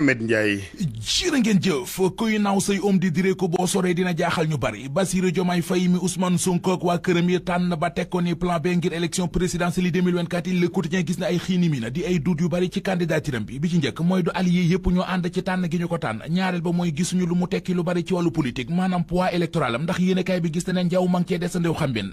Ahmed Ndiaye jëf kuy naaw say om di dire boo soree dina jaaxal ñu bari Bassirou Diomaye Faye mi Ousmane Sonko waa këram yi tànn ba teg ko ni plan B ngir élection présidentielle yi 2024 gis na ay xiini mi na di ay duut yu bari ci candidaturam bi bi ci njëkk mooy du allié yépp ñoo ànd ci tànn gi ñu ko tànn ñaareel ba mooy gisuñu lu mu tekki lu bari ci wàllu politique maanaam poids électoral ndax yéenekaay bi gis ne njaw mang cee desandew xambin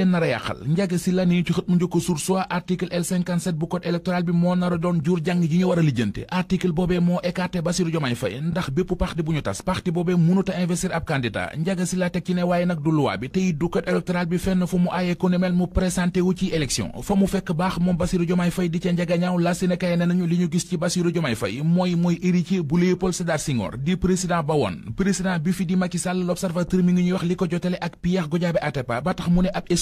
leen a njaga si la ni ci xët mu njëkk source soit article bu code électoral bi moo nar a doon jur jàng ji ñu war a lijjante article boobee moo écarté Bassirou Diomaye Faye ndax bépp parti bu ñu tas parti boobee mënuta investir ab candidat njaga si teg ci ne waaye nag du loi bi tey du code électoral bi fenn fu mu aayee ku mu présenté ci élection fa mu fekk baax moom Bassirou Diomaye Faye di ca njagañaaw la Sénégal ne nañu li ñu gis ci Bassirou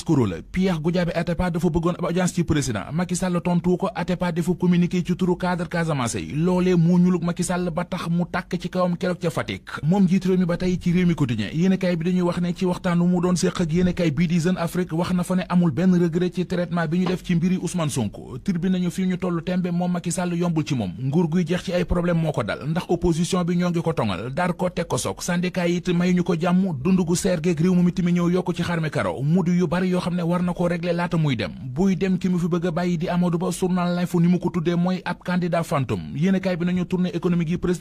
escroc la Pierre Goudiaby Atepa dafa bëggoon ab ci président Macky Sall ko Atepa dafa communiqué ci turu cadre Casamance yi loolee moo ñulug Macky ba tax mu tàkk ci kawam keroog ca Fatick moom jiit mi ba tey ci réew mi quotidien yéenekaay bi dañuy wax ne ci waxtaan mu doon séq ak yéenekaay bii di Jeune Afrique wax na fa ne amul benn regret ci traitement bi ñu def ci mbiri Ousmane Sonko tribune nañu fi ñu tollu tembe moom Macky yombul ci yoo xam a bi nañu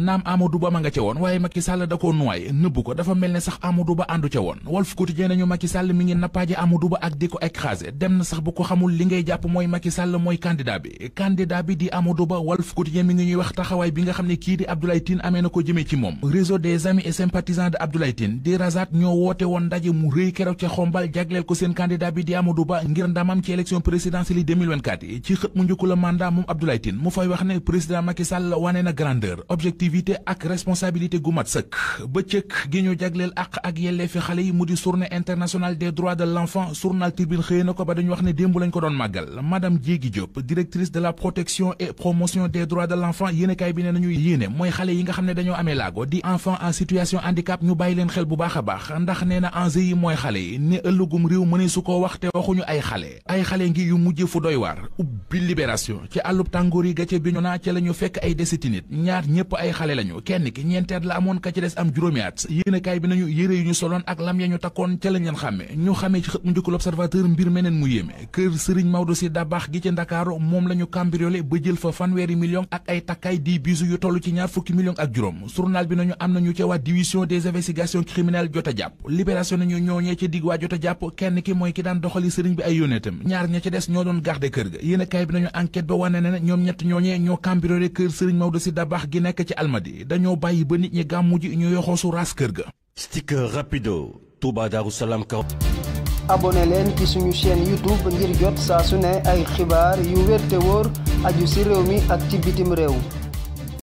naam Amadou Ba ma nga ca woon waaye Macky Sall da koo nuwaay nëbb ko dafa mel ne sax Amadou Ba àndu ca woon Walf Quotidien nañu Macky Sall mi ngi nappaaje Amadou Ba ak di ko écrasé dem na sax bu ko xamul li ngay jàpp mooy Macky Sall mooy candidat bi candidat bi di Amadou Ba Walf Quotidien mi ngi ñuy wax taxawaay bi nga xam ne kii di Abdoulaye amee na ko jëmee ci moom réseau des amis et sympathisants de Abdoulaye di Razat ñoo woote woon ndaje mu rëy keroog jagleel ko seen candidat bi di Amadou Ba ngir ndamam ci élection présidentielle yi 2024 yi ci xët mu njëkku la mandat moom Abdoulaye Tine mu fay wax ne président Macky wane na grandeur objectivité ak responsabilité gu mat sëkk bëccëg gi ñu jagleel àq ak yelleefi xale yi mu di journée internationale des droits de l'enfant journal Tribune xëy na ko ba dañu wax ne démb lañ ko doon màggal madame Diégui Diop directrice de la protection et promotion des droits ëllëgum réew mëne su ko ci àllub tàngoor yi bi ñu naa ca fekk ay desiti nit ñaar ñëpp ay xale lañu kenn ki ñeenteet la amoon ka des am juróomi at yéen bi nañu yére yu ñu soloon ak lam ya ñu takkoon ca lañ xàmme ñu xamee ci xët mu mbir meneen mu yéeme kër sëriñ Maodo si Dabax gi ci Ndakaaru moom la ñu ba jël fa fanweeri million ak ay takkaay di bisu yu toll ci ñaar fukki million ak juróom journal bi nañu am nañu ca waa a a jàpp kenn ki mooy ki daan doxali sëriñ bi ay yónneetam ñaar ña ci des ñoo doon garde kër ga yéen a kaay bi nañu enquête ba wane ne ñoom ñett ñooñee ñoo cambriolé kër sëriñ Maodo si dabax gi nekk ci almadi dañoo bàyyi ba nit ñi gàmmu ji ñu yoxoosu ras kër ga sticker rapido Touba Darou Salam kaw ci suñu chaîne youtube ngir jot saa su ne ay xibaar yu wér wóor aju si réew mi ak ci bitim réew